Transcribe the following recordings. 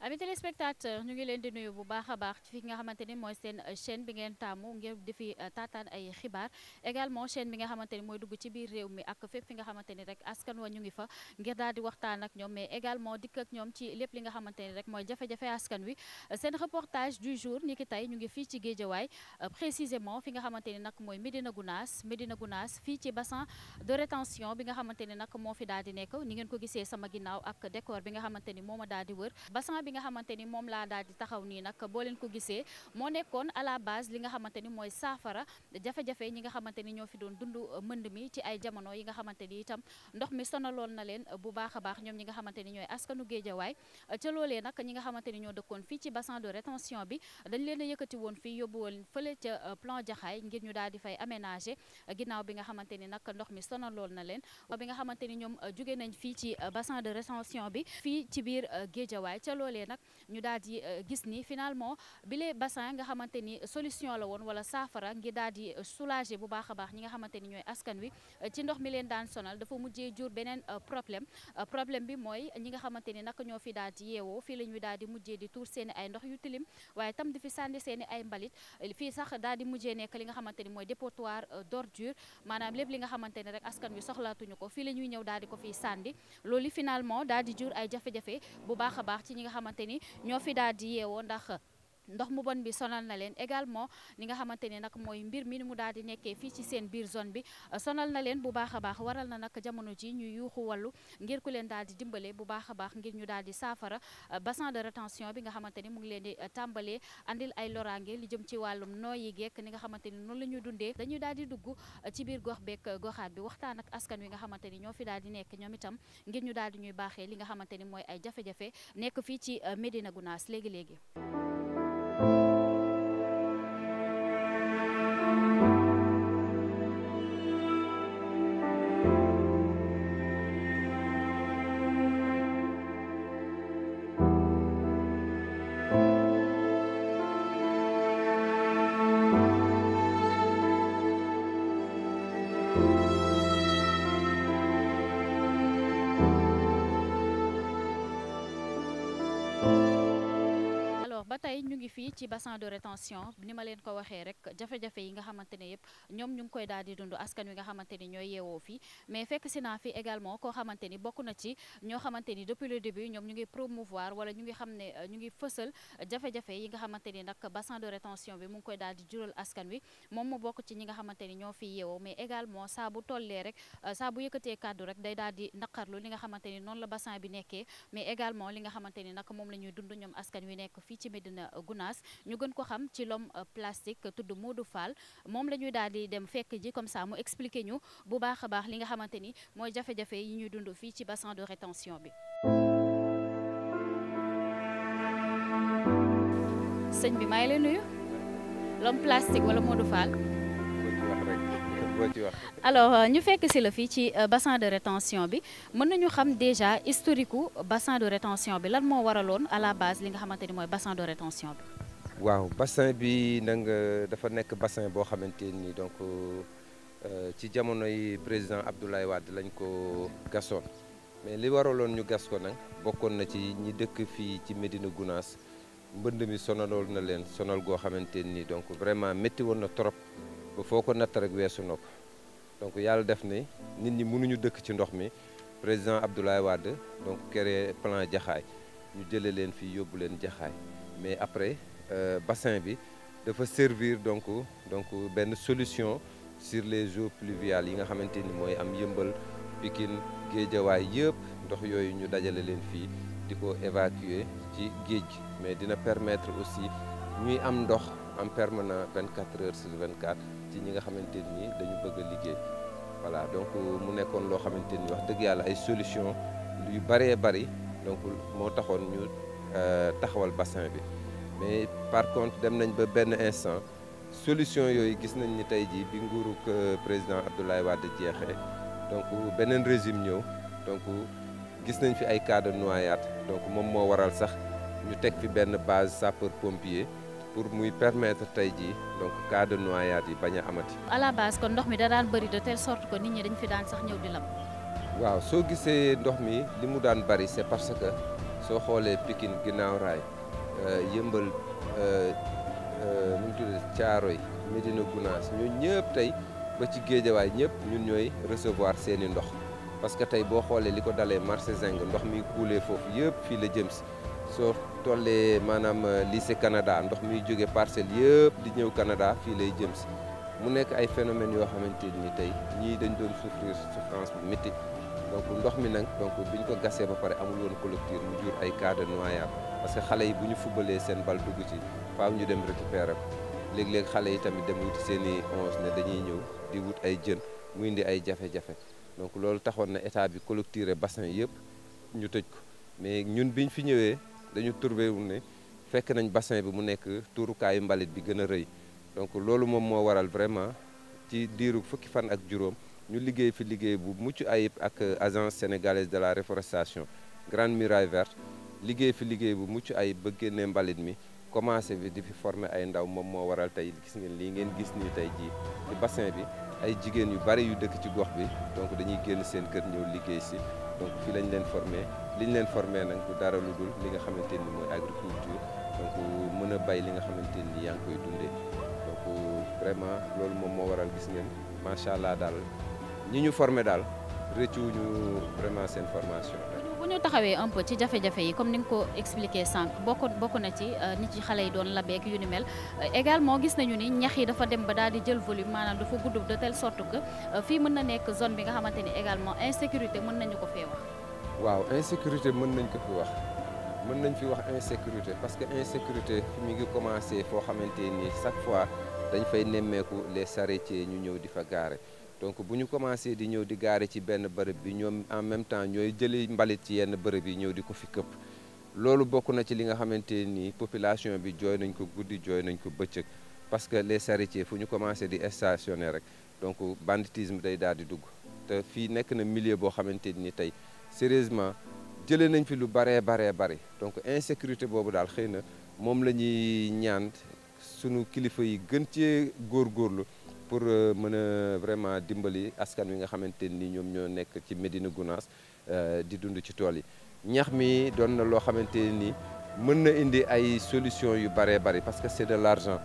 ami téléspectateur ñu ngi leen di nuyu bu baax a baax ci fi nga xamante ni mooy seen euh, chaîne bi ngeen taamu ngir di fi euh, taataan ay xibaar également chaîne bi nga xamante ni mooy dugg ci biir réew mi ak fépp fi nga xamante ni rek askan wa ñu ngi fa ngir daal di waxtaan ak ñoom mais également dikk ak ñoom ci lépp li nga xamante ni rek mooy jafe-jafe askan wi euh, seen reportage du jour ni ki tey ñu ngi fii ci Géejawaay précisément fi nga xamante ni nag mooy Médina Médina Gounass fii ci bassin de rétention bi nga xamante ni nag moo fi daal di nekk ni ngeen ko gisee sama ginnaaw ak décor bi nga xamante ni moo ma daal di wër bi nga xamante ni moom laa daal di taxaw nii nag boo leen ko gisee moo nekkoon à la base li nga xamante ni mooy saafara jafe-jafe ñi nga xamante ni ñoo fi doon dund euh, mënd mi ci ay jamono yi nga xamante ni itam ndox mi sonaloon na leen euh, bu baax a baax ñoom ñi nga xamante ni ñooy askanu géejawaay euh, ca loolee nag ñi nga xamante ni ñoo dëkkoon fii ci bassin de bi dañ leen a woon fii yóbbu woon fële ca plan jaxaay ngir ñu daal di fay aménager ginnaaw bi nga xamante ni nag ndox mi sonaloon na leen bi nga xamante ni ñoom jóge nañ fii ci bassin de rétention bi fii ci biir géejawaay ca loolee defee nag ñu daal di euh, gis ni finalement bile bassin nga xamante ni solution la woon wala saafara ngir daal di euh, soulager bu baax a baax ñi nga xamante ni ñooy askan wi euh, ci ndox mi leen daan sonal dafa mujjee jur beneen problème problème bi mooy ñi nga xamante ni naka ñoo fi daal di yeewoo fi la ñuy daal di mujjee di tuur seen i ay ndox yu tilim waaye tam di fi sànni seen ay mbalit fii sax daal di mujjee nekk li nga xamante ni mooy dépotoir d'ordure maanaam lép li nga xamante ni rek askan wi soxlaatuñu ko fii la ñuy ñëw daal di ko fiy sànni loolu ay jafe xamante ni ñoo fi daal di yeewoo ndax ndox mu bon bi sonal na leen également li nga xamante ne nag mooy mbir mi ni mu daal di nekkee fii ci seen biir zone bi euh, sonal na leen bu baax a baax waral na nag jamono ji ñuy yuuxu wallu ngir ku leen daal di dimbale bu baax a baax ngir ñu daal di saafara euh, bassin de rétention bi nga xamante ni mu ngi leen di euh, tàmbalee indi ay loraange li jëm ci wàllum yi gekk ni nga xamante ni noonu la ñu dundee dañuy daal di dugg ci biir gox beek goxaat bi waxtaan ak askan wi nga xamante ni ñoo fi daal di nekk ñoom itam ngir ñu daal di ñuy baaxee li nga xamante ni mooy ay jafe nekk fii ci Médina Gounass léegi-léegi alors ba tey ñu ngi fii ci bassin de rétention ni ma leen ko waxee rek jafe-jafe yi nga xamante ne ñoom ñu ngi koy daal di dund askan wi nga xamante ni ñooy yeewoo fii mais fekk si naa fi également koo xamante ni bokk na ci ñoo xamante ñu ngi promouvoir wala ñu ngi xam ne ñu ngi fësal jafe-jafe yi bi mu ngi koy daal di jural askan wi moom mu bokk ni ñoo fi yeewoo mais également saa bu tollee rek euh, saa bu yëkkatee kàddu rek day daal di naqarlu li nga xamante ni la bassin bi nekkee mais également li nga xamante ni moom la ñuy ñoom askan wi nekk fii ci ci Medina Gounass ñu gën ko xam ci l'homme euh, plastique tudd Modou Fall moom la ñuy daal di dem fekk ji comme ça mu expliquer ñu bu baax a baax li nga xamante ni mooy jafe-jafe yi ñuy dund fii ci bassin de rétention bi. sëñ bi maa ngi nuyu l'homme plastique wala Modou Fall. alors euh, ñu fekk si la fii ci euh, bassin de rétention bi mën nañu xam déjà historique u bassin de rétention bi lan moo waraloon à la base li nga xamante ni mooy bassin de rétention bi waaw bassin bi nag dafa nekk bassin boo xamante nii donc euh, ci jamonoy président Abdoulaye Wade lañ ko gasoon mais li waraloon ñu gas ko nag bokkoon na ci ñi dëkk fii ci Médina Gounass mbënd mi sonaloon na leen sonal goo xamante nii donc vraiment métti woon na trop ba foo ko natt rek weesu na ko donc yàlla def ni nit ñi mënuñu dëkk ci ndox mi président Abdoulaye Wade donc créé plan jaxaay ñu jëlee leen fii yóbbu leen jaxaay mais après euh, bassin bi dafa servir donc donc benn solution sur les eaux pluviales yi nga xamante ni mooy am yëmbal Pikine géejawaay yëpp ndox yooyu ñu dajale leen fii di ko évacuer ci géej gi mais dina permettre aussi ñuy am ndox en permanent 24 heures sur 24 ñi nga xamante ni dañu bëgg a liggéey voilà donc mu nekkoon loo xamante ni wax dëgg yàlla ay solution yu bëree bëri donc moo taxoon ñu euh, taxawal bassin bi mais par contre dem nañ ba benn instant solution yooyu gis nañ ni tey jii bi nguuruk président Abdoulaye Wade jeexee donc beneen régime ñëw donc gis nañ fi ay cas de noyade donc moom moo waral sax ñu teg fi benn base sapeur pompier pour muy permettre tey jii donc cas de yi bañ a amati. à la kon ndox mi da daan bëri de telle sorte que nit ñi dañ fi daan sax ñëw di lam. waaw soo gisee ndox mi li mu daan bëri c'est parce que soo xoolee Pikine ginnaaw raay euh, yëmbal euh, euh, nu mu tudd Caaroy Médina Gounass ñun ñëpp tey ba ci géejawaay ñëpp ñun ñooy recevoir seeni ndox parce que tey boo xoolee li ko dalee marché Zeng ndox mi kuulee foofu yëpp fii la jëm si soo tollee maanaam euh, lycée kanada ndox mi jóge parcelle yëpp di ñëw Canada fii lay jëm si mu nekk ay phénomènes yoo xamante ni tey ñii dañ doon souffrir souffrance bu métti donc ndox mi nag donc biñ ko gasee ba pare amul woon collecteur mu jur ay cas de noyade parce que xale yi bu ñu fubalee seen bal dugg ci faaw ñu dem récupérer ko léeg-léeg xale yi tamit dem wuti seeni i ne dañuy ñëw di wut ay jën mu indi ay jafe-jafe donc loolu taxoon na état bi collecteur bassin yëpp ñu tëj ko mais ñun biñ fi ñëwee. dañu trouvé wu ne fekk nañ bassin bi mu nekk tuurukaayu mbalit bi gën a rëy donc loolu moom moo waral vraiment ci diiru fukki fan ak juróom ñu liggéey fi liggéey bu mucc ayib ak agence sénégalaise de la reforestation grande muraille verte liggéey fi liggéey bu mucc ayib ba génnee mbalit mi commencé bi di fi former ay ndaw moom moo waral tey gis ngeen lii ngeen gis nii tey jii ci bassin bi ay jigéen yu bari yu dëkk ci gox bi donc dañuy génn seen kër ñëw liggéey si donc fii lañ leen former li ñu leen formé nag bu dara lu dul li nga xamante ni mooy agriculture donc mën a bay li nga xamante ni yaa ngi koy dundee donc vraiment loolu moom moo waral gis ngeen macha allah daal ñi ñu formé daal rëccu ñu vraiment seen formation. bu ñu taxawee un peu ci jafe-jafe yi comme ni nga ko expliqué sànq bokk bokk na ci euh, ni ci xale yi doon labeeg yu ni mel euh, également gis nañu ni ñax yi dafa dem ba daal di jël volume maanaam dafa gudd de telle sorte que euh, fii mën na nekk zone bi nga xamante ni également insécurité mën nañu ko fee waaw insécurité mën nañ ko fi wax mën nañ fi wax insécurité parce que insécurité mi ngi commencé foo xamante nii chaque fois dañ fay nemmeeku les charretiers ñu ñëw di fa gaare donc bu ñu commencé di ñëw di gaare ci benn bërëb bi ñoom en même temps ñooy jëli mbalit ci yenn bërëb yi ñëw di ko fi këpp loolu bokk na ci li nga xamante nii population bi jooy nañ ko guddi jooy nañ ko bëccëg parce que les charretiers fu ñu commencé di stationner rek donc banditisme day daal di dugg te fii nekk na milieu boo xamante ni tey sérieusement jëlee nañ fi lu baree bare bari donc insécurité boobu daal xëy na moom la ñuy ñaan sunu kilifa yi gën cee góorgóorlu pour euh, mën a vraiment dimbali askan wi nga xamante ni ñoom ñoo nekk ci Médina Gounass euh, di dund ci tool yi ñax mi doon na loo xamante ni mën na indi ay solution yu baree bari parce que c'est de l'argent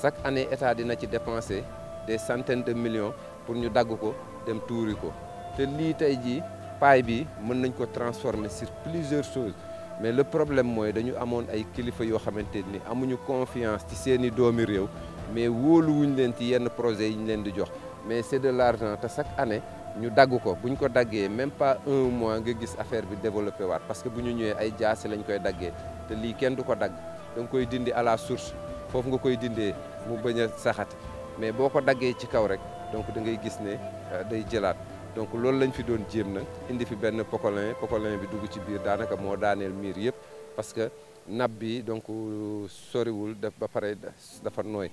chaque année état dina ci dépenser des centaines de millions pour ñu dagg ko dem tuuri ko te lii tey jii paille bi mën nañ ko transformer sur plusieurs choses mais le problème mooy dañu amoon ay kilifa yoo xamante ni amuñu confiance ci seeni doomi réew mais wóoluwuñ leen ci yenn projet yi ñu leen di jox mais c'est de l'argent te chaque année ñu dagg ko bu ñu ko daggee même pas un mois nga gis affaire bi développé waat parce que bu ñu ñëwee ay jaasi lañ koy daggee te lii kenn du ko dagg da nga koy dindi à la source foofu nga koy dindee mu bañ a saxat mais boo ko daggee ci kaw rek donc da ngay gis ne euh, day jëlaat donc loolu lañ fi doon jéem nag indi fi benn pocolin pocolin bi dugg ci biir daanaka moo daaneel miir yëpp parce que nab bi donc soriwul daf ba pare dafa nooy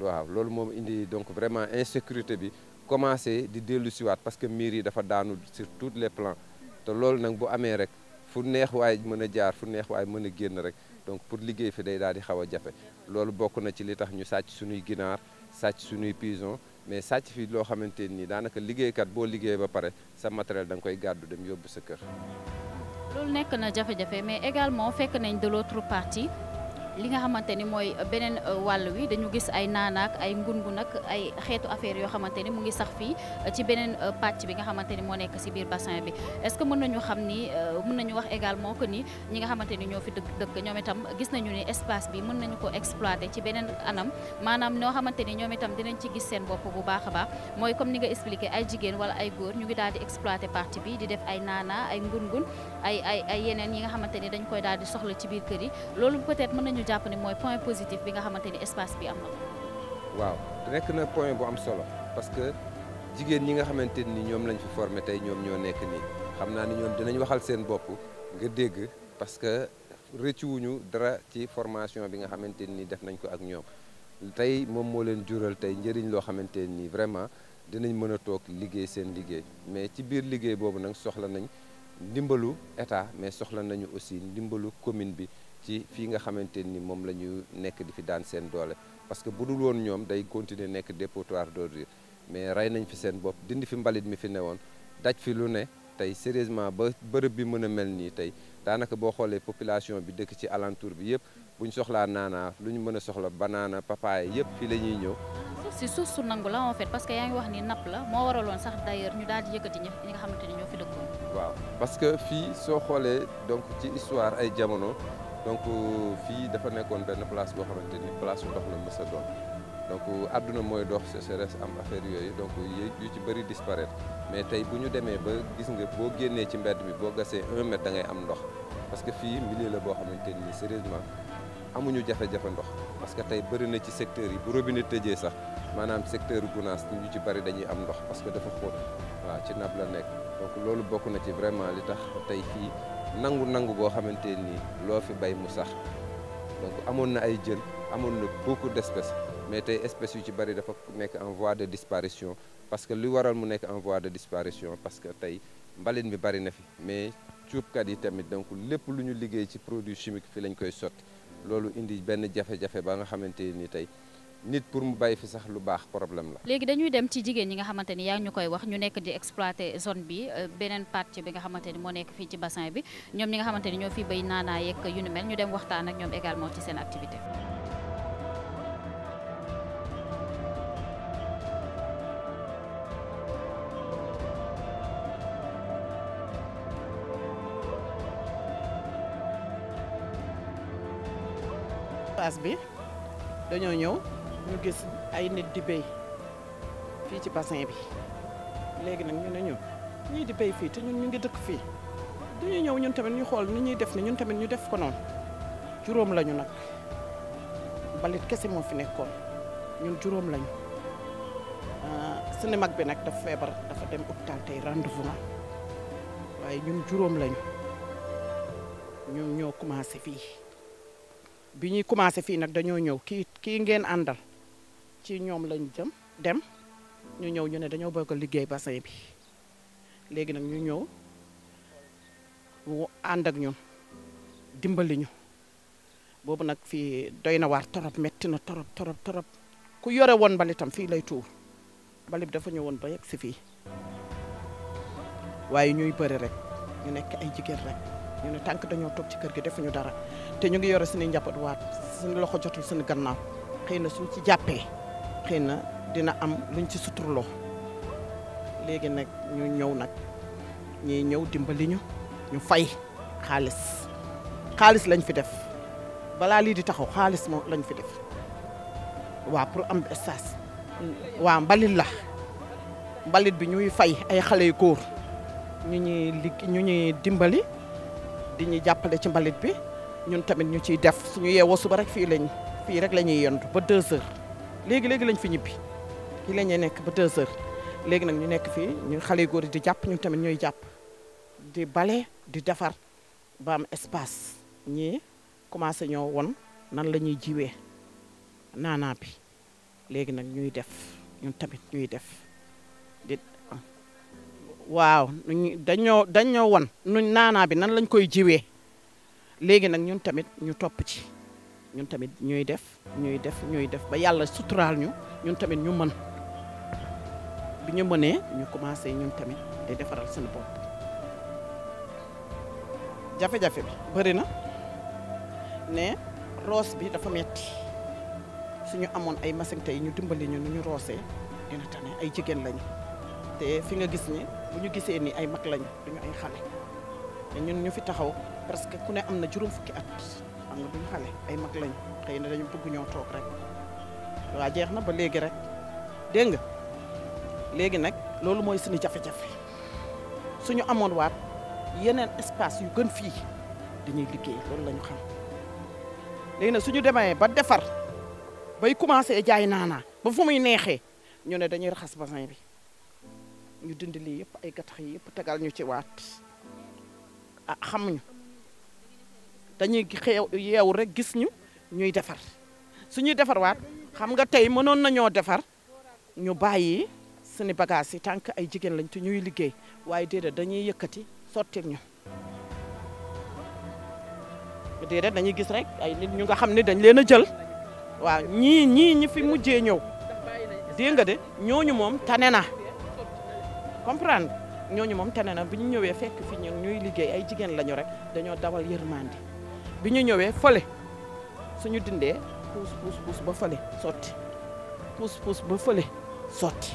waaw loolu moom indi donc vraiment insécurité bi commencé di dellu siwaat parce que miir yi dafa daanu surtout tous les plans te loolu nag bu amee rek fu neex waay mën a jaar fu neex waay mën a génn rek donc pour liggéey fi day daal di xaw a jafe loolu bokk na ci li tax ñu sàcc suñuy ginaar sàcc suñuy pigeon mais sàcc fii loo xamante nii daanaka liggéeykat boo liggéey ba pare sa matériel da nga koy gàddu dem yóbbu sa kër. loolu nekk na jafe-jafe mais également fekk nañ de l'autre partie li nga xamante ni mooy beneen euh, wàll wi dañu gis ay naanaak ay ngungun ak ay xeetu affaire yoo xamante ni mu ngi sax fii euh, ci beneen euh, pàcc bi nga xamante ni moo nekk si biir bassin bi est-ce que mën nañu xam ni mën nañu wax également que ni ñi nga xamante ni ñoo fi dëkk dëkk ñoom itam gis nañu ni espace bi mën nañu ko exploiter ci beneen anam maanaam ñoo xamante ni ñoom itam dinañ ci gis seen bopp bu baax a baax mooy comme ni nga expliquer ay jigéen wala ay góor ñu ngi daal di exploiter partie bi di def ay naana ay ngungun ay ay ay yeneen yi nga xamante ni dañ koy daal di soxla ci biir kër yi jàpp ne mooy point positif bi nga xamante ni espace bi am na ko. waaw nekk na point bu am solo parce que jigéen ñi nga xamante ni ñoom lañ fi formé tey ñoom ñoo nekk nii xam naa ni ñoom dinañ waxal seen bopp nga dégg parce que rëccuwuñu dara ci formation bi nga xamante nii def nañ ko ak ñoom tey moom moo leen jural tey njëriñ loo xamante nii vraiment dinañ mën a toog liggéey seen liggéey mais ci biir liggéey boobu nag soxla nañ ndimbalu état mais soxla nañu aussi ndimbalu commune bi. ci fii nga xamante nii moom la ñu nekk di fi daan seen doole parce que bu dul woon ñoom day continuer nekk dépotoir d'ordures mais rey nañ fi seen bopp dindi fi mbalit mi fi ne woon daj fi lu ne tey sérieusement ba bërëb bi mën a mel nii tey daanaka boo xoolee population bi dëkk ci alentour bi yëpp bu ñu soxlaa naanaa lu ñu mën a soxla banaana papaay yëpp fii la ñuy ñëw. suuf si suuf nangu la en fait parce que yaa ngi wax ni napp la moo waraloon sax di xoolee donc ci histoire ay jamono. donc euh, fii dafa nekkoon benn place boo xamante ni place ndox la mës a doon donc euh, àdduna mooy dox sécheresse am affaire yooyu donc yu ci bëri disparaître mais tey bu ñu demee ba gis nga boo génnee ci mbedd bi boo gasee un mètre da ngay am ndox parce que fii milieu la boo xamante ni sérieusement amuñu jafe-jafe ndox parce que tey bëri na ci secteurs yi bu robinet tëjee sax maanaam secteur Gounass ñu ci bëri dañuy am ndox parce que dafa xóot waaw ci napp la nekk donc loolu bokk na ci vraiment li tax tey fii nangu-nangu boo xamante nii loo fi bay mu sax donc amoon na ay jën amoon na beaucoup d'espèces mais tey espèce yu ci bari dafa nekk en voie de disparition parce que li waral mu nekk en voie de disparition parce que tey mbalit mi bari na fi mais cuubkat yi tamit donc lépp lu ñu liggéey ci produit chimique fi lañ koy sot loolu indi benn jafe-jafe ba nga xamante nii tey nit pour mu bàyyi fi sax lu baax problème la. léegi dañuy dem ci jigéen ñi nga xamante ni yaa ngi ñu koy wax ñu nekk di exploité zone bi euh, beneen partie bi nga xamante ni moo nekk fii ci bassin bi ñoom ñi nga xamante ni ñoo fi béy naanaa yekk yu ni mel ñu dem waxtaan ak ñoom également ci seen activité. bi dañoo ñëw. ñu gis ay nit di béy fii ci bassin bi léegi nag ñu ne ñun ñii di béy fii te ñun ñu ngi dëkk fii dañuy ñëw ñun tamit ñu xool ni ñuy def ni ñun tamit ñu def ko noonu juróom lañu nag mbalit kese moo fi nekkoon ñun juróom lañu ah, sunu mag bi nag dafa feebar dafa dem hôpital tey rendez-vous na waaye ñun juróom lañu ñun ñoo commencé fii bi ñuy commencé fii nag dañoo ñëw kii kii ngeen àndal ci ñoom lañ jëm dem ñu ñëw ñu ne dañoo bokk liggéey bassin bi léegi nag ñu ñëw àndak ak ñun dimbali ñu boobu nag fii doy na waar torop metti na torop torop torop ku yore woon mbalitam fii lay tuur mbalit dafa ñëwoon ba yegg si fii waaye ñuy bëri rek ñu nekk ay jigéen rek ñu ne tànk dañoo toog ci kër gi defuñu dara te ñu ngi yore suñuy njaboot waat suñu loxo jotul suñu gannaaw xëy na suñ ci jàppee. xëy na dina am luñ ci suturloo léegi nag ñu ñëw nag ñuy ñëw dimbali ñu ñu fay xaalis xaalis lañ fi def balaa lii di taxaw xaalis moom lañ fi def waaw pour am espace waa mbalit la mbalit bi ñuy fay ay xale yu góor ñu ñuy ligg ñu ñuy dimbali di ñu jàppale ci mbalit bi ñun tamit ñu ciy def suñu yeewoo suba rek fii lañ fii rek la ñuy yendu ba deux léegi léegi lañ fi ñibbi ki la nekk ba 2 heures léegi nag ñu nekk fii ñu xale yu góor yi di jàpp ñun tamit ñooy jàpp di bale di defar ba espace ñii commencé ñoo woon nan la ñuy jiwee naanaa bi léegi nag ñuy def ñu tamit ñuy def di waaw dañoo dañoo won nuñ naanaa bi nan lañ koy jiwee léegi nag ñun tamit ñu topp ci ñun tamit ñuy def ñuy def ñuy def ba yàlla suturaal ñu ñun tamit ñu mën bi ñu mënee ñu commencé ñun tamit di defaral seen bopp. jafe-jafe bi bëri na ne roos bi dafa metti suñu amoon ay machine tey ñu dimbali ñu nu ñu roosee dina tane ay jigéen lañu te fi nga gis ni bu ñu gisee ni ay mag lañu duñu ay xale te ñun ñu fi taxaw parce que ku ne am na juróom fukki at. xam nga duñ xale ay mag lañ xëy na dañu bëgg ñoo toog rek waa jeex na ba léegi rek dégg nga léegi nag loolu mooy suñu jafe-jafe suñu amoon waat yeneen espace yu gën fii dañuy liggéey loolu la xam léegi nag suñu demee ba defar bay commencé jaay naanaa ba fu muy neexee ñu ne dañuy raxas basin bi ñu dindi lii yëpp ay gattax yi tegal ñu ci waat ah xamuñu dañuy xew yeewu rek gis ñu ñuy defar suñuy defarwaat xam nga tey mënoon nañoo defar ñu bàyyi suñu bagage yi tànk ay jigéen lañ te ñuy liggéey waaye déedéet dañuy yëkkati sotti ñu. déedéet dañuy gis rek ay nit ñu nga xam ne dañ leen a jël waaw ñii ñii ñi fi mujjee ñëw dégg nga de ñooñu moom tane na comprendre ñooñu moom tane na bi ñu ñëwee fekk fi ñu ñuy liggéey ay jigéen lañu rek dañoo dawal yërmande. bi ñu ñëwee fole suñu dindee puus puus puus ba fole sotti puus puus ba fole sotti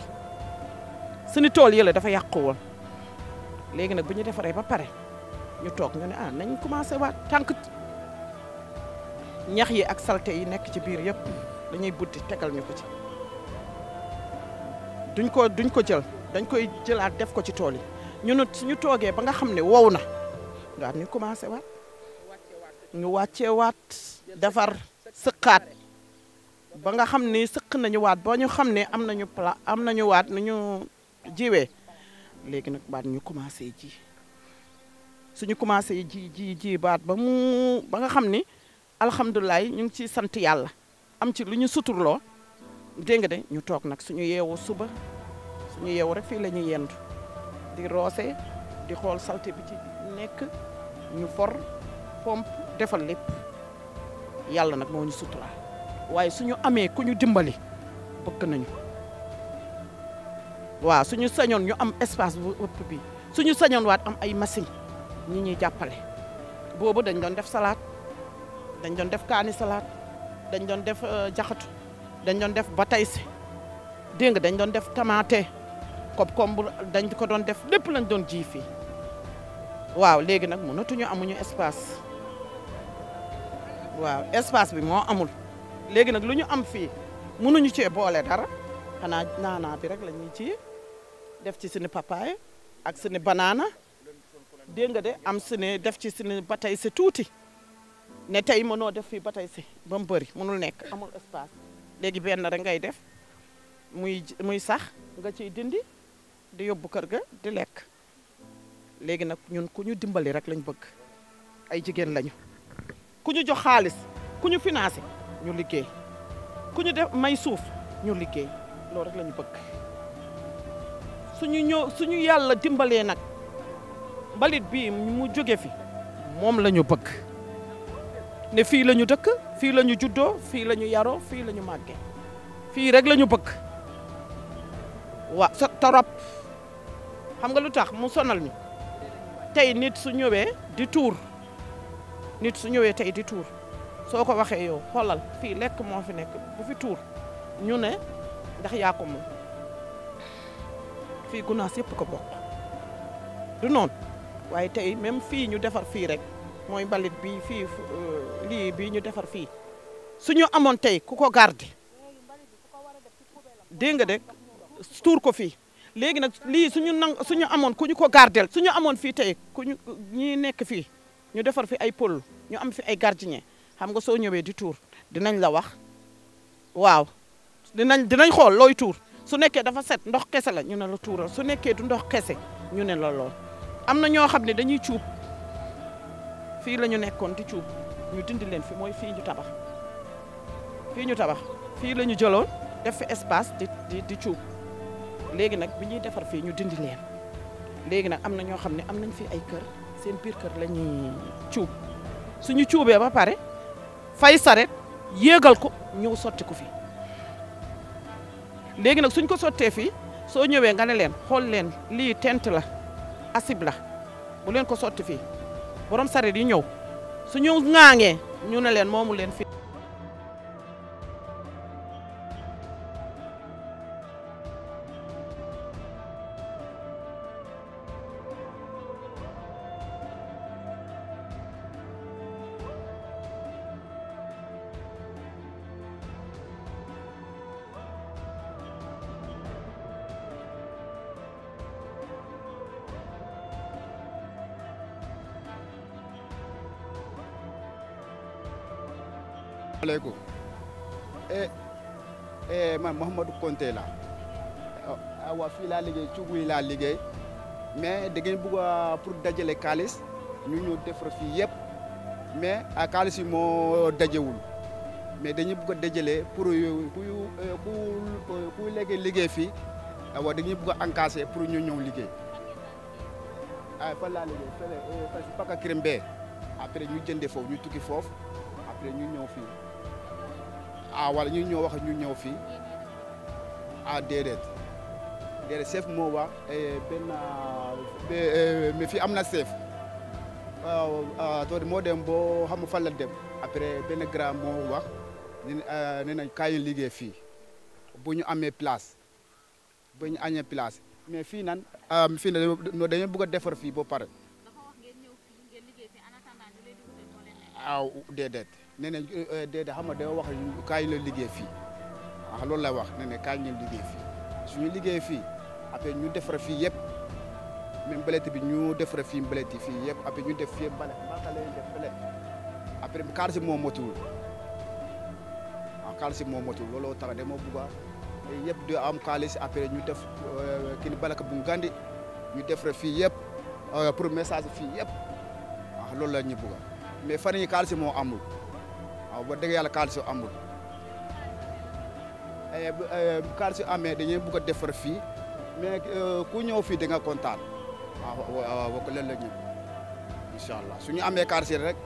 suñu tool yële dafa yàqu woon léegi nag bu ñu defaree ba pare ñu toog ñu ne ah nañ commencé waat tànk ñax yi ak salte yi nekk ci biir yëpp dañuy buddi tegal ñu ko ci duñ ko duñ ko jël dañ koy jëlaat def ko ci tool yi ñu ne ñu toogee ba nga xam ne wow na daal ñu commencé waat ñu wàcceewaat defar sëqaat ba nga xam ni sëq nañu waat ba ñu xam ne am nañu pla am nañu waat nu ñu jiwee léegi nag baat ñu commencé ji suñu commencé ji ji ji baat ba mu ba nga xam ni alhamdulilah ñu ngi ciy sant yàlla am ci lu ñu suturloo dégg nga de ñu toog nag suñu yeewu suba suñu yeewu rek fii la ñuy yendu di roose di xool salte bi ci nekk ñu for pompe defal lépp yàlla nag moo ñu sutura waaye suñu amee ku ñu dimbali bëgg nañu waaw suñu sañoon ñu am espace bu ëpp bi suñu sañoon waat am ay machine ñi ñuy jàppale boobu dañ doon def salaat dañ doon def kaani salaat dañ doon def euh, jaxatu dañ doon def batayse dégg nga dañ doon def tamaate koom-koom dañ ko doon def lépp lañ doon ji fii waaw léegi nag mënatuñu amuñu espace waaw espace bi moo amul léegi nag lu ñu am fii mun mënuñu cee boole dara xanaa naanaa bi rek la ñuy ci def ci suñu papaye ak suñu banaana dégg nga de am suñu def ci suñu batay si tuuti ne tey mënoo def fii batay si ba mu bëri mënul nekk amul espace léegi benn rek ngay def muy muy sax nga ci dindi di yóbbu kër ga di lekk léegi nag ñun ku ñu dimbali rek lañ bëgg ay jigéen lañu. ku ñu jox xaalis ku ñu financé ñu liggéey ku ñu def may suuf ñu liggéey loolu rek la bëgg suñu ñëw suñu yàlla dimbalee nag mbalit bii mu jóge fi moom la ñu bëgg ne fii la ñu dëkk fii lañu juddoo fii la ñu yaroo fii lañu ñu fii rek la ñu bëgg waaw sa torop xam nga lu tax mu sonal ñu tey nit su ñëwee di tuur nit su ñëwee tey di tuur soo ko waxee yow xoolal fii lekk moo fi nekk bu fi tuur ñu ne ndax yaa ko moom fii gunaas yëpp ko bokk du noonu waaye tey même fii ñu defar fii rek mooy balit bi fii euh, lii bii ñu defar fii suñu amoon tey ku ko garde dégg nga de tuur ko fii léegi nag lii suñu nang suñu amoon ku ñu ko gardel suñu amoon fii tey ku ñu ñi nekk fii ñu defar fi ay pôle ñu am fi ay gardien xam nga soo ñëwee di tuur dinañ la wax waaw dinañ dinañ xool looy tuur su nekkee dafa set ndox kese la ñu ne la tuural su nekkee du ndox kese ñu ne la lool am na ñoo xam ne dañuy cuub fii lañu nekkoon di cuub ñu dindi leen fi mooy fii ñu tabax fii ñu tabax fii lañu ñu jëloon def fi espace di di di cuub léegi nag bi ñuy defar fii ñu dindi leen léegi nag am na ñoo xam ne am nañ fi ay kër seen biir kër la ñuy cuub suñu cuubee ba pare fay saret yéegal ko ñëw sotti ko fi léegi nag suñ ko sottee fii soo ñëwee nga ne leen xool leen lii tent la asib la bu leen ko sotti fii borom saret yi ñëw su ñu ŋaaŋee ñu ne leen moomu leen fi aleykum e e man Mouhamadou Konté la waaw fii laa liggéey cuubu yi mais da ngeen bëgg pour dajale kaalis ñu ñëw defar fii yëpp mais a kaalis yi moo dajewul mais dañu bëgg dajale pour e, ku ku ku léegi liggéey fii waaw dañuy bëgg a encaissé pour ñu ñëw liggéey ah fan laa e, parce que Paka Kirim bee après ñu jëndee foofu ñu tukki foofu après ñu ñëw fii ah wala ñu ñëw wax ñu ñëw fii ah déedéet déedéet chef moo wax eh, benn eh, fii am na seef waaw ah, moo dem boo xamu fan la dem après benn grand moo wax ne nañ ah, kaay liggéey fii bu ñu amee place bu ñu amee place mais fii nan ah, fii na dañoo defar fii ba pare aw déedéet nee na euh, euh, déedéet xam nga day wax liggéey fii ah loolu la wax nee na kaay ñu liggéey fii suñu liggéey fii après ñu defar fii yëpp même mbalit bi ñu defar fii mbalit fii yëpp après ñu def fii mbalit mbaa lay def mbalit après kaar si moo motul ah, moo motul looloo tax de di am xaalis après ñu def euh, kii balaka bu ngandi ñu defar fii yëpp pour message fii yëpp ah loolu la ñu bugga mais fan yii xaalis moo amul waaw ba dëgg yàlla xaalis amul xaalis eh, eh, amee dañuy bugg a defar fii mais euh, ku ñëw fii da nga kontaan waaw ah, waaw loolu la su ñu amee xaalis rek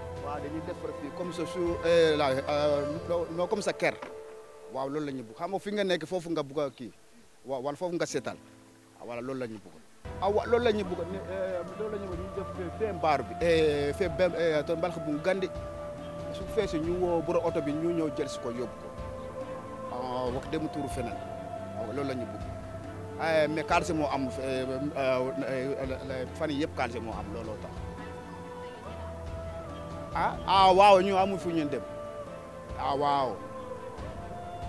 dañuy defar fii comme ça su eh, la euh, comme ça ker waaw loolu la ñu bugg xam nga fi nga nekk foofu nga bugg a kii waaw wala foofu nga seetal ah, wala loolu la ñu bugg. awa ah, loolu la ñu bëgg eh, loolu la ñu bëgg ñu fee mbaar bi eh, eh, bu gandi su feesee ñu woo borom oto bi ñu ñëw jël si ko yóbbu ko ah, wax dem tuuru feneen waaw ah, loolu lañu ñu bëgg mais moo am fan yii yëpp calcé moo am looloo tax ah ah ñu amul fu ñu dem ah waaw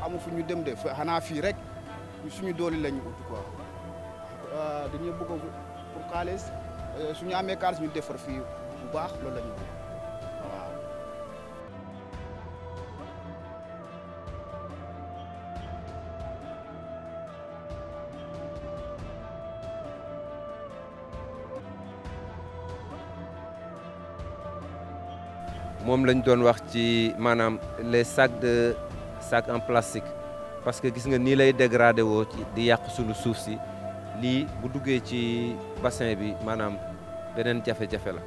amul fu ñu dem de xanaa fii rek suñu doole lañu ñu Euh, dañuy bëgg pour xaalis euh, su ñu amee xaalis ñu defar fii bu baax loolu la ñu moom lañ doon wax ci maanaam les sacs de sacs en plastique parce que gis nga nii lay dégradé woo ci di yàq suñu suuf si. lii bu duggee ci bassin bi maanaam beneen jafe-jafe la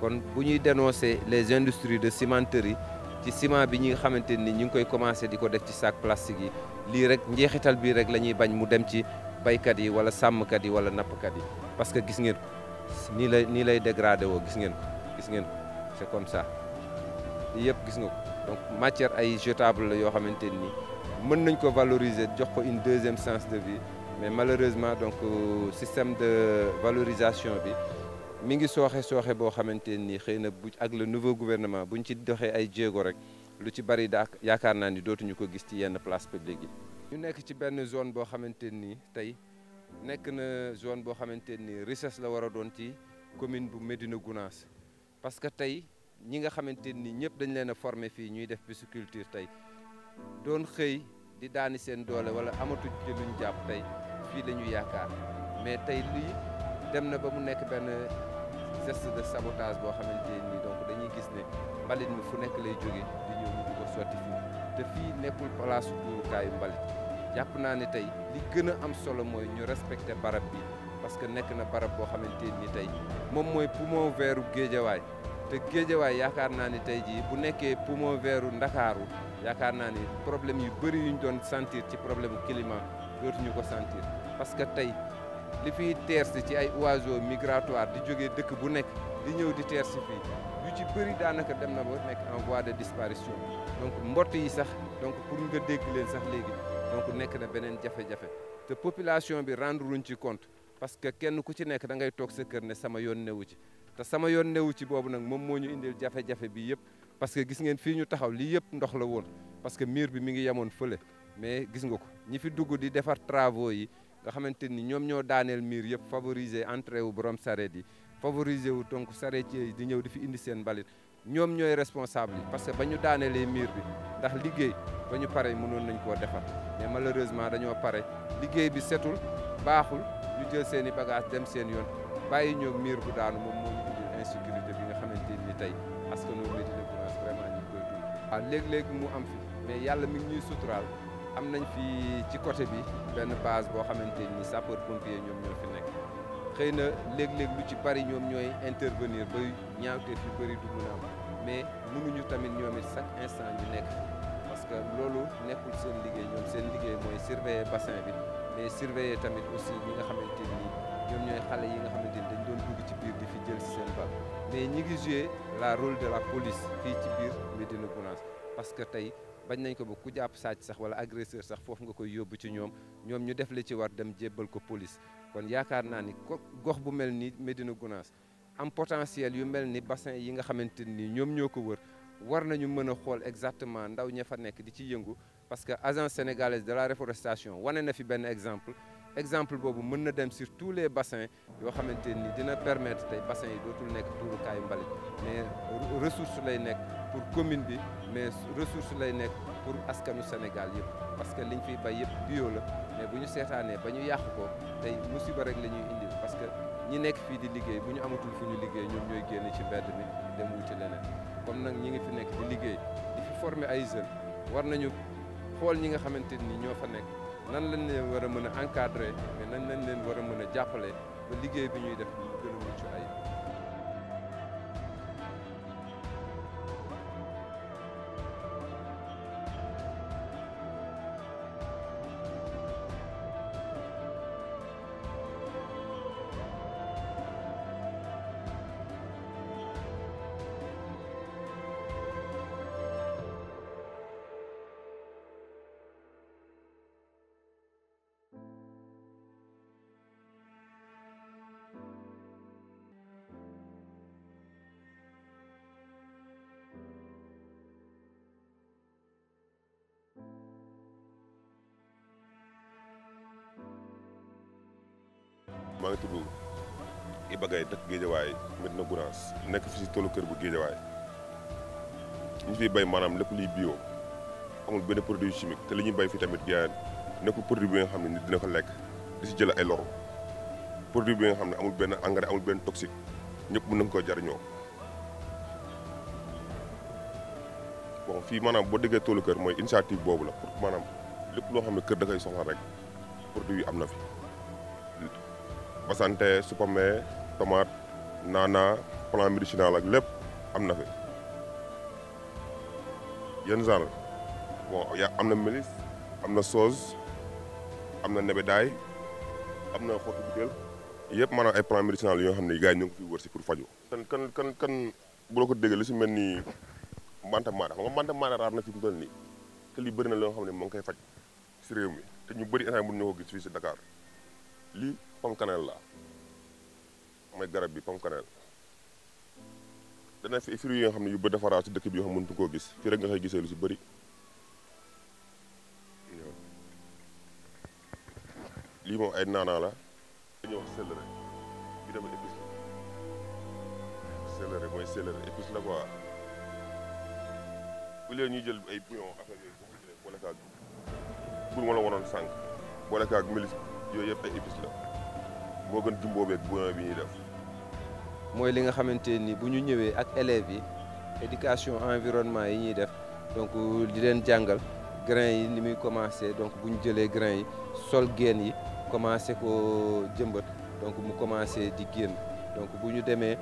kon bu ñuy dénoncer les industries de cimenterie ci ciment bi ñi nga xamante ni ñu ngi koy commencé di ko def ci sac plastique yi lii rek njeexital bii rek la ñuy bañ mu dem ci baykat yi wala sàmmkat yi wala nappkat yi parce que gis ngeen ko nii lay nii lay dégradé woo gis ngeen ko gis ngeen ko c'est comme ça lii yëpp gis nga ko donc matière ay jetable la yoo xamante ni mën nañ ko valoriser jox ko une deuxième chance de vie mais malheureusement donc euh, système de valorisation bi mi ngi sooxe sooxe boo xamante ni xëy na bu ak le nouveau gouvernement bu ñu ci doxee ay jéego rek lu ci bari daa yaakaar naa ni dootuñu ko gis ci yenn place publique yi. ñu nekk ci benn zone boo xamante ni tey nekk na zone boo xamante ni richesse la war a doon ci commune bu Médina Gounass parce que tey ñi nga xamante ni ñëpp dañ leen a former fii ñuy def pisciculture tey doon xëy. di daani seen doole wala amatuñ ci luñ jàpp tey fii la ñu yaakaar mais tey lii dem na ba mu nekk benn ses de sabotage boo xamante ni donc dañuy gis ne mbalit mi fu nekk lay jóge di ñëw ñu ko sotti fii te fii nekkul place tuurukaayu mbalit jàpp naa ne tey li gën a am solo mooy ñu respecter barab bi parce que nekk na barab boo xamante ni tey moom mooy poumon veeru Géejawaay te géejawaay yaakaar naa ni tey jii bu nekkee poumon veeru ndakaaru yaakaar naa ni problème yu bëri yu ñu doon sentir ci problème climat dootuñu ko sentir parce que tey li fiy teersi ci ay oiseaux migratoires di jógee dëkk bu nekk di ñëw di teersi fii yu ci bëri daanaka dem na ba nekk en voie de disparition donc mbott yi sax donc pour nga dégg leen sax léegi donc nekk na beneen jafe-jafe te population bi rendre luñ ci compte parce que kenn ku ci nekk da ngay toog sa kër ne sama yoon newu ci te sama yoon newu ci boobu nag moom moo ñu indil jafe bi yëpp parce que gis ngeen fii ñu taxaw lii yëpp ndox la woon parce que miir bi mi ngi yemoon fële mais gis nga ko ñi fi dugg di defar travaux yi nga xamante ni ñoom ñoo daaneel miir yëpp favoriser entrée wu borom sareet yi favoriser wu donc sareetier yi di ñëw difi indi seen mbalit ñoom ñooy responsable parce que ba ñu daaneelee mur bi ndax liggéey ba ñu pare mënoon nañ koo defar mais maleureusement dañoo pare liggéey bi setul baaxul ñu jël seen i bagage dem seen yoon bàyyi ñoom mur bu daanu insécurité bi nga xamante ni tey askanu Médina Gounass vraiment ñu ngi koy léeg-léeg mu am fi mais yàlla mi ngi ñuy suturaal am nañ fi ci côté bi benn base boo xamante ni sapeur pompier ñoom ñoo fi nekk xëy na léeg-léeg lu ci bari ñoom ñooy intervenir ba ñaawteef yu bëri du mun a am mais tamit ñoom it chaque instant ñu nekk parce que loolu nekkul seen liggéey ñoom seen liggéey mooy surveiller bassin bi mais surveiller tamit aussi ñi nga xamante ni ñoom ñooy xale yi nga xamante ni ci biir. jël si seen bal mais la rôle de la police fii ci biir Médina Gounass parce que tey bañ nañ ko ba ku jàpp sàcc sax wala agresseur sax foofu nga koy yóbbu ci ñoom ñoom ñu def le ci war dem jébbal ko police kon yaakaar naa ni gox bu mel ni Médina Gounass am potentiel yu mel ni bassin yi nga xamante ni ñoom ñoo ko wër war nañu mën a xool exactement ndaw ña fa nekk di ci yëngu parce que agent sénégalaise de la reforestation wane na fi benn exemple exemple boobu mën na dem sur tous les bassins yoo xamante ni dina permettre tey bassin yi dootul nekk tuurukaayu mbalit mais ressource lay nekk pour commune bi mais ressource lay nekk pour askanu Sénégal yëpp parce que liñ fiy bay yëpp bio la mais bu ñu seetaanee ba ñu yàq ko tey musiba rek la ñuy indi parce que ñi nekk fii di liggéey bu ñu amatul fu ñu liggéey ñoom ñooy génn ci mbedd mi dem wuti leneen comme nag ñi ngi fi nekk di liggéey di fi former ay jeunes war nañu xool ñi nga xamante ni ñoo fa nekk. nan lañ leen war a mën a encadrer mais nan lañ leen war a mën a jàppale liggéey bi ñuy def ñu gën a mucc maa ngi tudd Iba Gaye dëkk Géejawaay Medina Gounass nekk fi si tollu kër bu Géejawaay ñu fiy bay maanaam lépp luy bio amul benn produit chimique te li ñuy bay fii tamit yaa nekkul produit bi nga xam ne nit dina ko lekk di si jël ay loru produit bi nga xam ne amul benn engrais amul benn toxique ñëpp mën nañu ko jariñoo bon fii maanaam boo déggee toolu kër mooy initiative boobu la pour maanaam lépp loo xam ne kër da koy soxla rek produit yi am na fi basante supame tomate naana plant médicinal ak lépp am na fi yenn genre bon yaa am na melis am na soos am na nebedaay am na xottu butéel yëpp maanaam ay plant médicinal yoo xam ne gars yi ñu ngi fi wër si pour faju kan kan kan kan bu ko dégg li si mel ni mbanta maada xam nga mbanta maada raar na fi mu nii te li bëri na loo xam ne moo ngi koy faj si réew mi te ñu bëri instant mënu ñoo ko gis fii si Dakar lii ponkaneel la mooy garab bi ponkaneel dana fi fruits yi nga xam ne yu ba defaraa ci dëkk bi yoo xam mëntu koo gis fii rek nga koy gisee lu ci bëri lii moom ay naanaa la dañuy wax céleri bi dama épice la céleri mooy céleri épice la quoi bu leen ñuy jël ay bouillon affaire boo ko jëlee pour ma la waroon sànq boolekaag milice yooyu yëpp ay épice la moo gën jumbo beeg bouillon bi ñuy def. mooy li nga xamante ni bu ñu ñëwee ak élèves yi éducation environnement yi ñuy def donc euh, di leen jàngal grain yi ni muy commencé donc bu ñu jëlee grain yi sol génn yi commencé ko jëmbat donc mu commencé di génn donc bu ñu demee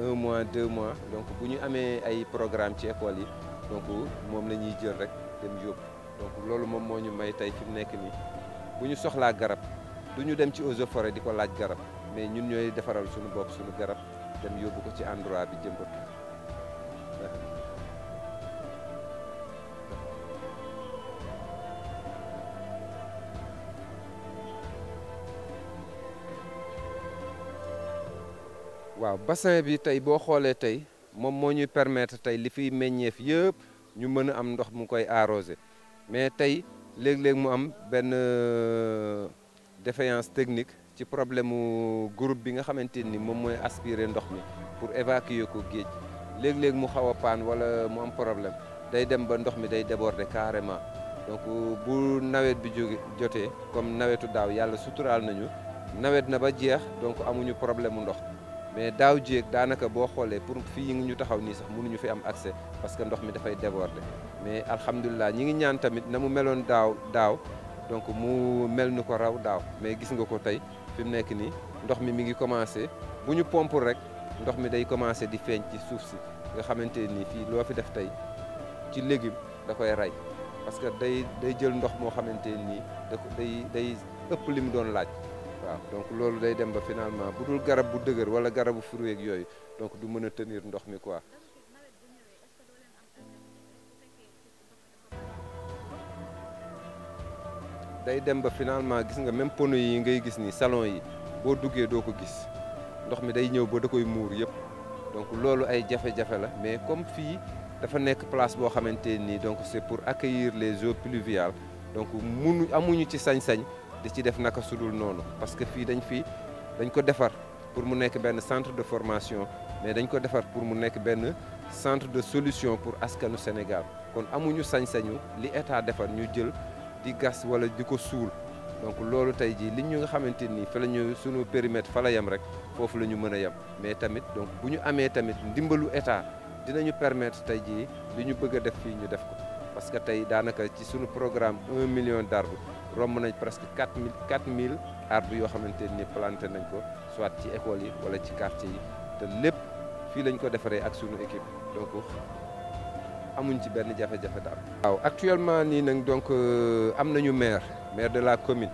un mois de mois donc bu ñu amee ay programme ci école yi donc moom la ñuy jël rek dem yóbbu donc loolu moom moo ñu may tey fi mu nekk nii bu ñu soxlaa garab. du ñu dem ci eaux et di ko laaj garab mais ñun ñooy defaral suñu bopp suñu garab dem yóbbu ko ci endroit bi jëmbat waaw bassin bi tey boo xoolee tey moom moo ñuy permettre tey li fiy meññeef yëpp ñu mën a am ndox mu koy arroser mais tey léeg-léeg mu am benn défaillance technique ci problème mu groupe bi nga xamante ni moom mooy aspirer ndox mi pour évacuer ko géej léeg-léeg mu xaw a paan wala mu am problème day dem ba ndox mi day déborder carrément donc bu nawet bi jóge jotee comme nawetu daaw yàlla suturaal nañu nawet na ba jeex donc amuñu problème mu ndox mais daaw jéeg daanaka boo xoolee pour fii ñu taxaw nii sax mënuñu fi am accès parce que ndox mi dafay déborder mais alhamdulilah ñi ngi ñaan tamit na mu meloon daaw daaw donc mu mel ni ko raw daaw mais gis nga ko tey fi mu nekk nii ndox mi mi ngi commencé bu ñu pompul rek ndox mi day commencé di feeñ ci suuf si nga xamante nii fii loo fi def tey ci légume da koy rey parce que day day jël ndox moo xamante nii da day day ëpp li mu doon laaj waaw donc loolu day dem ba finalement bu dul garab bu dëgër wala garabu fruit yooyu donc du mën a tenir ndox mi quoi day dem ba finalement gis nga même panneau yi ngay gis nii salon yi boo duggee doo ko gis ndox mi day ñëw ba da koy muur yëpp donc loolu ay jafe-jafe la mais comme fii dafa nekk place boo xamante nii donc c'est pour accueillir les eaux pluviales donc munu amuñu ci sañ-sañ di ci def naka sudul noonu parce que fii dañ fii dañ ko defar pour mu nekk benn centre de formation mais dañ ko defar pour mu nekk benn centre de solution pour askanu Sénégal kon amuñu sañ-sañu li état defar ñu jël di gas wala di ko suul donc loolu tey jii li ñu nga xamante ni fa la ñu sunu périmètre fa la yem rek foofu la ñu mën a yem mais tamit donc bu ñu amee tamit ndimbalu état dinañu permettre tey jii li ñu bëgg a def fii ñu def ko parce que tey daanaka ci sunu programme un million d' romb nañ presque quatre mille quatre mille arbres yoo xamante ni planté nañ ko soit ci école yi wala ci quartier yi te lépp fii lañ ko defaree ak sunu équipe donc amuñ ci benn jafejafe daal. waaw actuellement nii nag donc euh, am ñu maire maire de la commune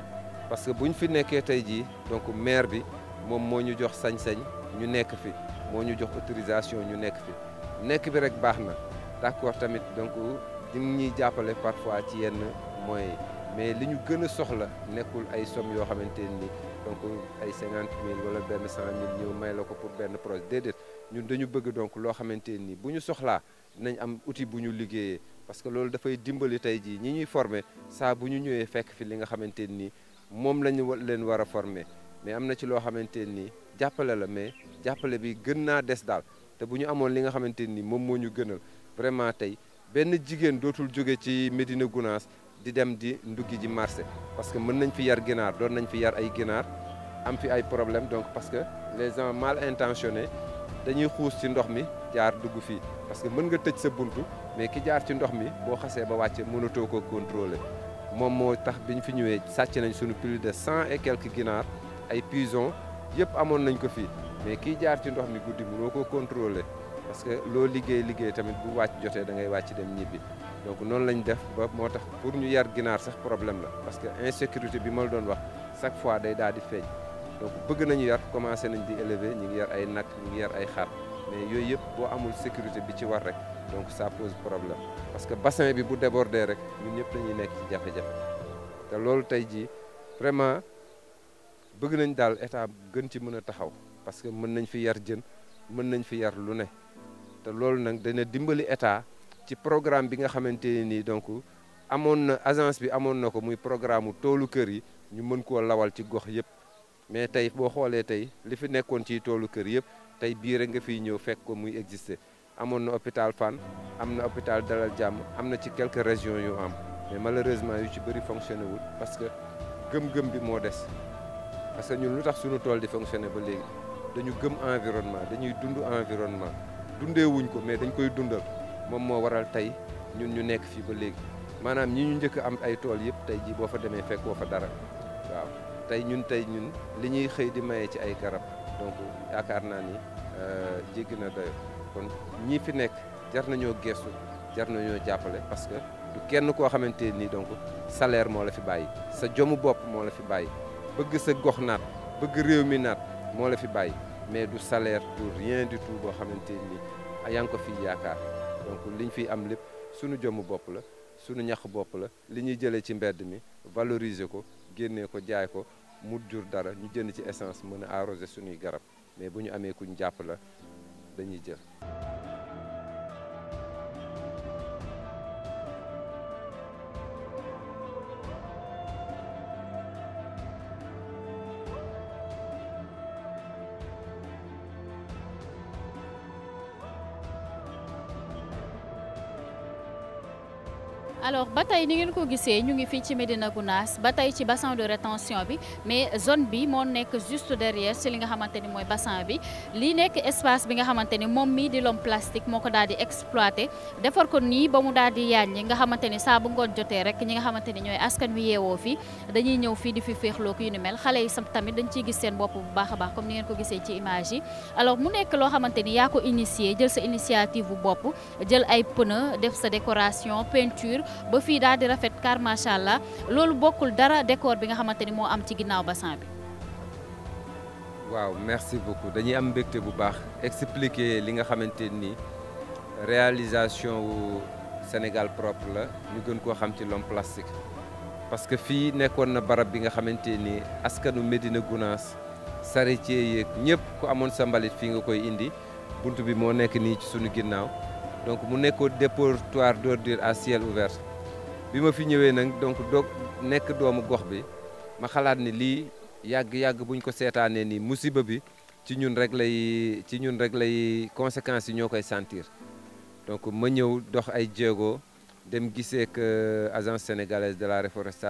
parce que bu ñu fi nekkee tey jii donc maire bi moom moo ñu jox sañ-sañ ñu nekk fi moo ñu jox autorisation ñu nekk fi nekk bi rek baax na d'accord tamit donc ñu ñuy jàppale parfois ci yenn moyens mais li ñu gën a soxla nekkul ay somme yoo xamante ni donc ay cinquante mille wala benn cent mille ñëw may la ko pour benn projet déedéet ñun dañu bëgg donc loo xamante ni bu ñu soxlaa. nañ am outil bu ñu liggéeyee parce que loolu dafay dimbali tey ji ñi ñuy former saa bu ñu ñëwee fekk fi li nga xamante nii moom lañu leen war a former mais am na ci loo xamante nii jàppale la mais jàppale bi gën naa des daal te bu ñu amoon li nga xamante nii moom moo ñu gënal vraiment tey benn jigéen dootul jóge ci médine Gounass di dem di nduggi ji marché parce que mën nañ fi yar ginaar doon nañ fi yar ay ginaar am fi ay problème donc parce que les gens mal intentionnés dañuy xuus ci ndox mi jaar dugg fii parce que mën nga tëj sa buntu mais ki jaar ci ndox mi boo xasee ba wàcce mënatoo ko contrôler moom moo tax biñ fi ñëwee sàcc nañ suñu plus de cent et quelques ginaar ay pigeons yëpp amoon nañ ko fii mais kii jaar ci ndox mi guddi mënoo ko contrôler parce que loo liggéey liggéey tamit bu wàcc jotee dangay ngay wàcc dem ñibbi donc noonu lañ def ba moo tax pour ñu yar ginaar sax problème la parce que insécurité bi ma doon wax chaque fois day daal di feeñ donc bëgg nañu yar commencé nañ di élever ñu ngi yar ay nag ngi yar ay xar mais yooyu yëpp boo amul sécurité bi ci war rek donc ça pose problème parce que bassin bi bu débordé rek ñun ñëpp dañuy nekk ci jafe te loolu tey jii vraiment bëgg nañ daal état gën ci mën a taxaw parce que mën nañ fi yar jën mën nañ fi yar lu ne te loolu nag dana dimbali état ci programme bi nga xamante nii donc amoon na agence bi amoon na ko muy programme toolu kër yi ñu mën koo lawal ci gox yëpp mais tey boo xoolee tey li fi nekkoon ci toolu kër yëpp tey bii rek nga fiy ñëw fekk ko muy exister amoon na hôpital Fann am na hôpital Dalal Jàmm am na ci quelques régions yu am mais malheureusement yu ci bëri fonctionné wul parce que gëm-gëm bi moo des parce que ñun lu tax suñu tool di fonctionné ba léegi dañu gëm environnement dañuy dund environnement dundee wuñ ko mais dañ koy dundal moom moo waral tey ñun ñu nekk fii ba léegi maanaam ñii ñu njëkk am ay tool yëpp tey jii boo fa demee fekk woo fa dara waaw tey ñun tey ñun li ñuy xëy di maye ci ay garab donc yaakaar naa ni euh, jéggi na dayo kon ñi fi nekk jar nañoo gestu jar nañoo jàppale parce que du kenn koo xamante nii donc salaire moo la fi bàyyi sa jomu bopp moo la fi bàyyi bëgg sa gox naat bëgg réew mi naat moo la fi bàyyi mais du salaire du rien di tout boo xamante ni yaa ngi ko fiy yaakaar donc liñ fiy am lépp suñu jomu bopp la suñu ñax bopp la li ñu jëlee ci mbedd mi valoriser ko génnee ko jaay ko mu jur dara ñu jënd ci essence mën a arroser suñuy garab mais bu ñu amee kuñ jàpp la dañuy jël alors ba tey ni ngeen ko gisee ñu ngi fii ci Médina Gounass ba tey ci bassin de rétention bi mais zone bi moo nekk juste derrière si li nga xamante ni mooy bassin bi li nekk espace bi nga xamante ni moom mii di l'homme plastique moo ko daal di exploité defar ko nii ba mu daal di ñi nga xamante ni saa bu ngoon jotee rek ñi nga xamante ni ñooy askan wi yeewoo fii dañuy ñëw fi di fi féexloo yu ni mel xale yi sam tamit dañ ciy gis seen bopp bu baax a baax comme ni ngeen ko gisee ci image yi alors mu nekk loo xamante ni yaa ko initié jël sa initiative bu bopp jël ay pneu def sa décoration peinture ba fii daal di rafet car macha allah loolu bokkul dara décor bi nga xamante ni moo am ci ginnaaw basan bi. waaw merci beaucoup dañuy am mbégte bu baax expliquer li nga xamante ni réalisation Sénégal propre la ñu gën koo xam ci l'homme plastique. parce que fii nekkoon na barab bi nga xamante ni askanu Médina Gounass charretier yeeg ñëpp ku amoon sa mbalit fii nga koy indi bunt bi moo nekk nii ci sunu ginnaaw. donc mu nekk dépotoir d'ordures à ciel ouvert bi ma fi ñëwee nag donc doog nekk doomu gox bi ma xalaat ni lii yàgg-yàgg buñ ko seetaanee nii musiba bi ci ñun rek lay ci ñun rek lay conséquences yi ñoo koy sentir donc ma ñëw dox ay jéego dem gisee que euh, agence sénégalaise de la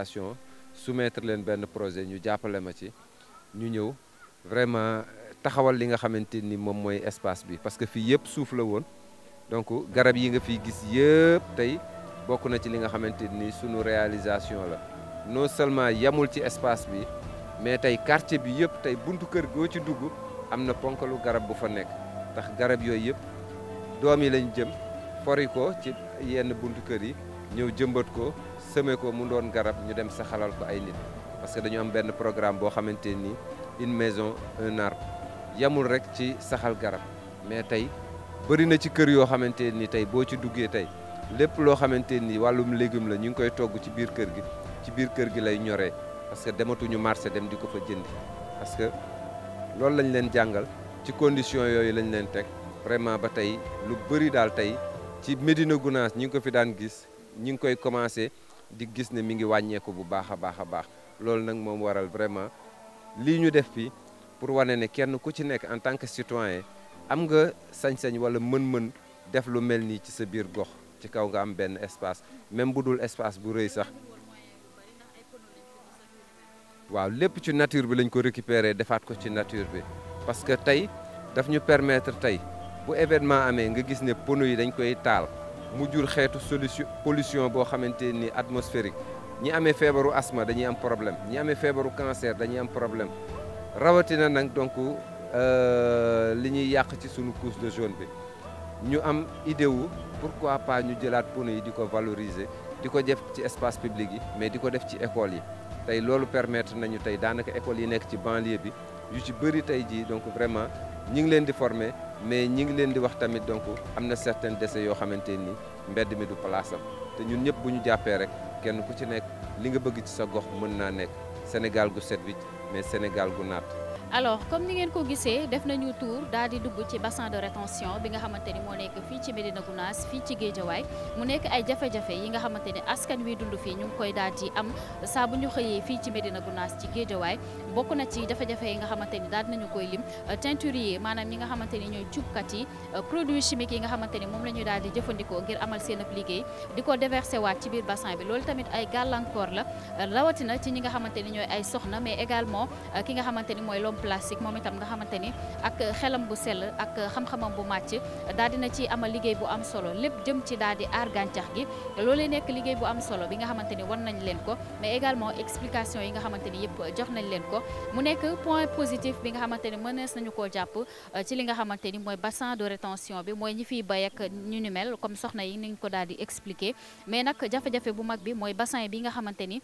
su soumettre leen benn projet ñu jàppale ma ci ñu ñëw vraiment taxawal li nga xamante ni moom mooy espace bi parce que fii yëpp suuf la woon donc garab yi nga fi gis yëpp tey bokk na ci li nga xamante ni sunu réalisation la non seulement yamul ci espace bi mais tey quartier bi yëpp tey buntu kër goo ci dugg am na ponkalu garab bu fa nekk tax garab yooyu yëpp doom yi lañ jëm fori ko ci yenn buntu kër yi ñëw jëmbat ko seme ko mu doon garab ñu dem saxalal ko ay nit parce que dañu am benn programme boo xamante ni une maison un arbre yamul rek ci saxal garab mais tey bëri na ci kër yoo xamante ni tey boo ci duggee tey lépp loo xamante ni wàllum légume la ñu ngi koy togg ci biir kër gi ci biir kër gi lay ñoree parce que dematuñu marché dem di ko fa jëndi parce que loolu lañ leen jàngal ci condition yooyu lañ leen teg vraiment ba tey lu bëri daal tey ci Médina Gounass ñi ngi ko fi daan gis ñi ngi koy commencé di gis ne mi ngi wàññeeku bu baax a baax a baax loolu nag moom waral vraiment lii ñu def fii pour wane ne kenn ku ci nekk en tant que citoyen am nga sañsañ sañ wala mën-mën def lu mel nii ci sa biir gox ci kaw nga am benn espace même bu dul espace bu rëy sax waaw lépp ci nature bi lañ ko récupérer defaat ko ci nature bi parce que tey daf ñu permettre tey bu événement amee nga gis ne panneaux yi dañ koy taal mu jur xeetu solution pollution boo xamante ni atmosphérique ñi amee feebaru asthme dañuy am problème ñi amee feebaru cancer dañuy am problème rawatina nag donc Euh, li ñuy yàq ci sunu couche de jaune bi ñu am idée wu pourquoi pas ñu jëlaat pono yi di ko valoriser di ko def ci espace public yi mais di ko def ci école yi tey loolu permettre nañu tey daanaka école yi nekk ci banlieue bi yu ci bëri tey jii donc vraiment ñi ngi leen di former mais ñi ngi leen di wax tamit donc am na certains décès yoo xamante ni mbedd mi du place te ñun ñëpp bu ñu jàppee rek kenn ku ci nekk li nga bëgg ci sa gox mën naa nekk Sénégal gu set mais Sénégal gu naat. alors comme ni ngeen ko gisee def nañu tour daal di dugg ci bassin de rétention bi nga xamante ni moo nekk fii ci Médina Gounass fii ci Géejawaay mu nekk ay jafe-jafe yi nga xamante ni askan wi dund fii ñu ngi koy daal di am saa bu ñu xëyee fii ci Médina Gounass ci Géejawaay bokk na ci jafe-jafe yi nga xamante ni daal nañu koy lim euh, teinturier maanaam ñi nga xamante ni ñooy cuubkat yi euh, produit chimique yi nga xamante ni moom la ñuy daal di jëfandikoo ngir amal seen ab liggéey ko déverser waat ci biir bassin bi loolu tamit ay gàllankoor la euh, rawatina ci ñi nga xamante ni ñooy ay soxna mais également ki nga xamante ni mooy homme plastique moom itam nga xamante ni ak xelam bu sell ak xam-xamam bu màcc daal dina ci amal liggéey bu am solo lépp jëm ci daal di aar gàncax gi loolu loolee nekk liggéey bu am solo bi nga xamante ni wan nañ leen ko mais également explication yi nga xamante ni yëpp jox nañ leen ko mu nekk point positif bi nga xamante ni mënees nañu koo jàpp euh, ci li nga xamante ni mooy bassin de rétention bi mooy ñi fiy bay ak ñu ni mel comme soxna yi niñ ko daal di expliquer mais nag jafe-jafe bu mag bi mooy bassin bi nga xamante ni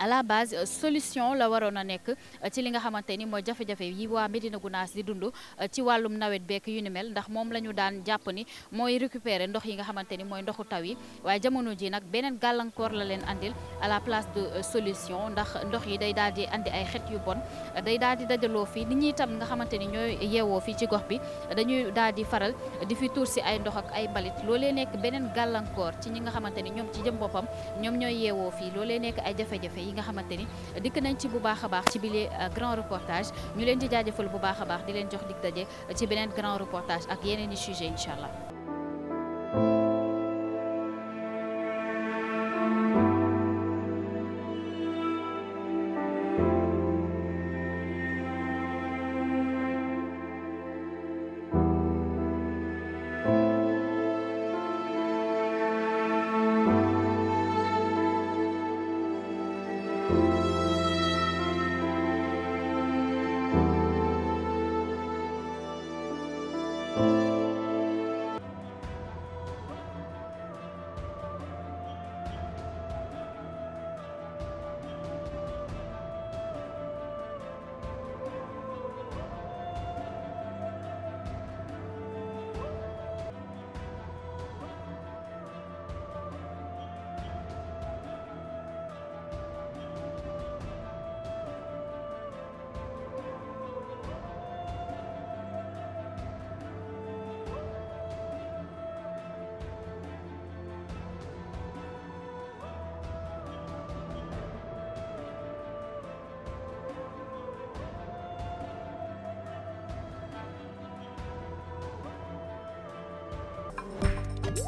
à la base euh, solution la waroon a nekk euh, ci li nga xamante ni mooy jafe-jafe yi waa Médina Gounass di dund euh, ci wàllum nawet beek yu ni mel ndax moom la ñu daan jàpp ni mooy récupérer ndox yi nga xamante ni mooy ndoxu taw yi waaye jamono ji nag beneen gàllankoor la leen andil la place de solution ndax ndox yi day daal di andi ay xet yu bon day daal di dajaloo fii nit ñi itam nga xamante ni ñooy yeewoo fii ci gox bi dañuy daal di faral di fi tuur si ay ndox ak ay mbalit loolee nekk beneen gàllankoor ci ñi nga xamante ni ñoom ci jëm boppam ñoom ñooy yeewoo fii loolee nekk ay jafe-jafe yi nga xamante ni dikk nañ ci bu baax a baax ci bile euh, grand reportage ñu leen di jaajëfal bu baax a baax di leen jox dig taje ci beneen grand reportage ak yeneen i sujet incha allah